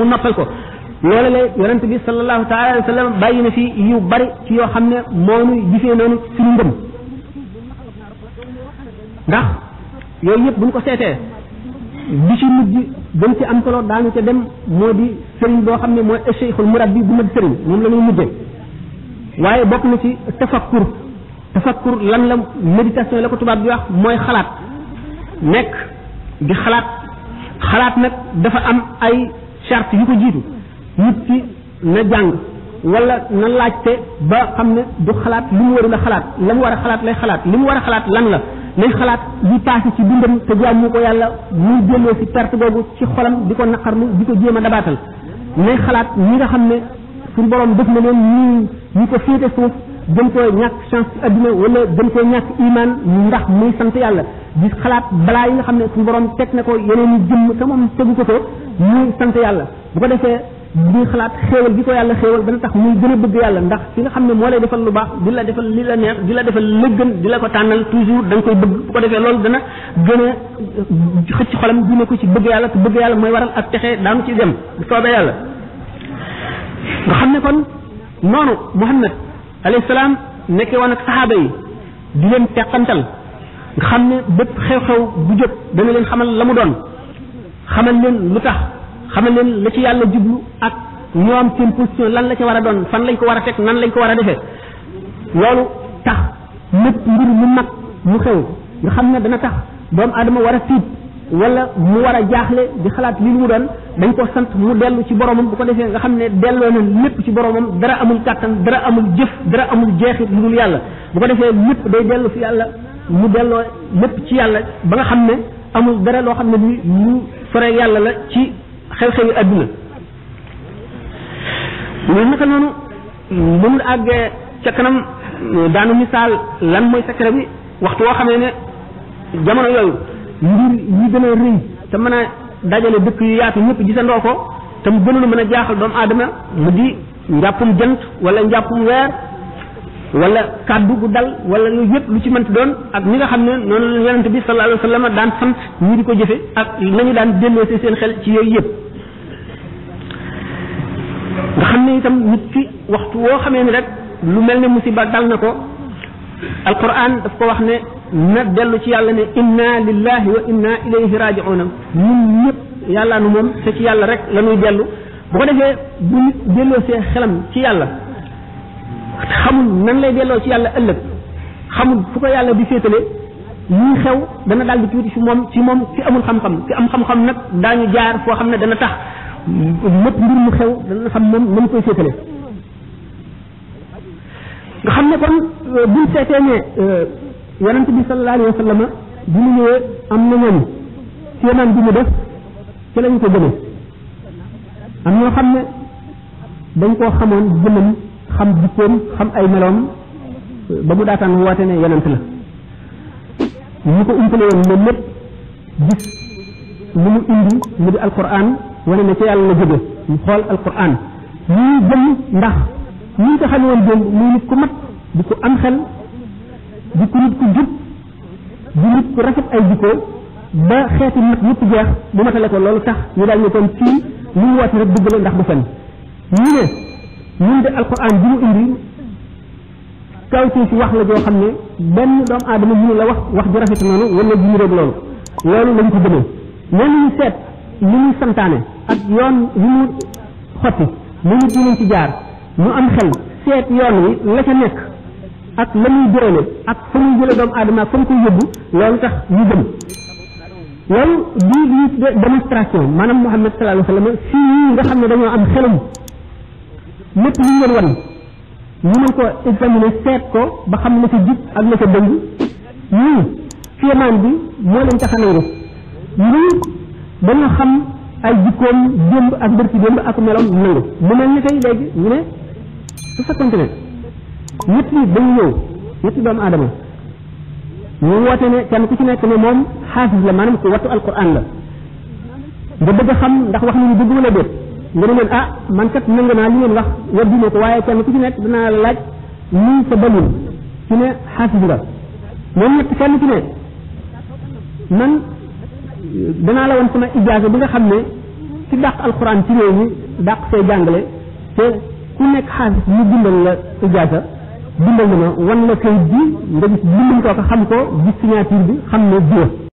mu noppal ko loola la yonent bi sallallahu taala alayhi wa sallam bàyyi na fi yu bari ci yoo xam ne moo nu jifee noonu suñu ngëm ndax yooyu yëpp buñ ko seetee bi ci mujj gën ci am solo daanu ca dem moo di sëriñ boo xam ne mooy cheikhul murab bi bu mat sëriñ moom la ñuy mujjee waaye bokk na ci tafakkur tafakkur lan la méditation la ko tubaab di wax mooy xalaat nekk di xalaat xalaat nag dafa am ay charte yi ko jiitu nit ki na jàng wala na laajte ba xam ne du xalaat li mu warul a xalaat la mu war a xalaat lay xalaat li mu war a xalaat lan la nay xalaat li passé ci dundam te jaamu ko yàlla muy delloo si perte googu ci xolam di ko naqarlu di ko jéem a dabaatal nay xalaat ñi nga xam ne sun borom def na leen ñi ñi ko féete suuf gën koo ñàkk chance ci àdduna wala gën koo ñàkk iman ndax muy sant yàlla di xalaat balaa yi nga xam ne sun borom teg na ko yeneen jëmm te moom tegu ko ko muy sant yàlla bu ko defee di xalaat xéewal gi ko yàlla xéewal dana tax muy gën a bëgg yàlla ndax ki nga xam ne moo lay defal lu baax di la defal li la neex di la defal lëggan di la ko tànnal toujours da nga koy bëgg bu ko defee loolu dana gën a xëcc xolam dina ko ci bëgg yàlla te bëgg yàlla mooy waral ak texe daanu ci dem bu soobee yàlla nga xam ne kon noonu muhammad alayhi salaam nekkee woon ak saxaaba yi di leen teqantal nga xam ne bépp xew-xew bu jóg dana leen xamal la mu doon xamal leen lu tax xamal leen la ci yàlla jublu ak ñoom seen position lan la ci war a doon fan lañ ko war a teg nan lañ ko war a defe loolu tax lépp mbir mu mag mu xew nga xam ne dana tax doomu aadama war a tiit wala mu war a jaaxle di xalaat li mu doon dañ koo sant mu dellu ci boromam bu ko defee nga xam ne delloo na lépp ci boromam dara amul kàttan dara amul jëf dara amul jeexit lu dul yàlla bu ko defee lépp day dellu fi yàlla mu delloo lépp ci yàlla ba nga xam ne amul dara loo xam ne ni lu sore yàlla la ci xew-xewi adduna mais naka noonu bu mu àggee ca kanam daanu misaal lan mooy secret bi waxtu woo xamee ne jamono yooyu mbir yi gën a rëy te mën a dajale dëkk yu yaatu ñëpp gisandoo ko te mu gënul mën a jaaxal doomu aadama mu di njàppum jant wala njàppum weer wala kàddu gu dal wala yooyu yëpp lu ci mënti doon ak ni nga xam ne noonu la yonent bi sallallahu alayhi wa daan sant ñi di ko jëfe ak nañu daan delloosee seen xel ci yooyu yëpp nga xam ne itam nit ki waxtu woo xame ni rek lu mel ne musiba dal na ko alquran daf ko wax ne nag dellu ci yàlla ne inna lillahi wa inna ilayhi raji'un ñun ñëpp yàlla nu moom te ci yàlla rek la ñuy dellu bu ko defee bu nit delloo see xelam ci yàlla xamul nan lay delloo ci yàlla ëllëg xamul fu ko yàlla di féetale ñuy xew dana daal di tuuti ci moom ci moom ci amul xam-xam ci am xam-xam nag daañu jaar foo xam ne dana tax mëpp mbir mu xew dana xam moom mën koy féetale nga xam ne kon buñ seetee ne yonent bi sallallahu alayhi wa bi mu ñëwee am na ñooñu séenaan bi mu def ci lañ ko gëmee am ñoo xam ne dañ koo xamoon jëmam xam jikkoom xam ay meloom ba mu daataan woote ne yonent la ñu ko umpale woon moom lépp gis lu mu indi mu di alquran wane ne ci yàlla jóge ñu xool alquran ñuy gëm ndax ñi ko xamee woon démb muy nit ku mat di ko am xel di ku nit ku rafet ay jikko ba xeeti mat yëpp jeex bu matale ko loolu tax ñu daal ñu kon ci lu mu wàcc rek dëgg la ndax du fen ñu ne ñun de alquran bi mu indi kawtee ci wax la joo xam ne benn doomu aadama mënu la wax wax ju rafet noonu wala ji ñu rek loolu loolu lañ ko gëmee ñenn ñu seet li muy santaane ak yoon yu mu xotti li ñu dinañ ci jaar ñu am xel seet yoon wi la ca nekk ak la muy déwéne ak fa muy jële doomu aadama ak fa mu koy yóbbu loolu tax ñu gëm loolu bii bii démonstration maanaam Muhammad sallallahu alayhi wa sallam nga xam ne dañoo am xelam lépp lu ñu wan ñu mën ko examiner seet ko ba xam na ca jub ak na ca dëng a nangu ñii xam ay jikkoom démb ak bërki démb mu ne su fekkonte ne ñett nit dañu ñëw ñetti doomu aadama ñu woote ne kenn ku ci nekk ne moom xaafis la maanaam ku wattu alquran la nga bëgg xam ndax wax nañu dëgg wala déet nga ne leen ah man kat nangu naa li ngeen wax weddi ko waaye kenn ku ci nekk danaa laaj lii sa dalil ci ne xaafis la moom ñett kenn ci ne man danaa la woon sama ijaaza bi nga xam ne ci dàq alquran ci réew dàq see jàngale te ku nekk xaafis ñu bindal la ijaaza bindal na ma wan la kayit bi nga gis bindum kooka xam ko gis signature bi xam ne jiwa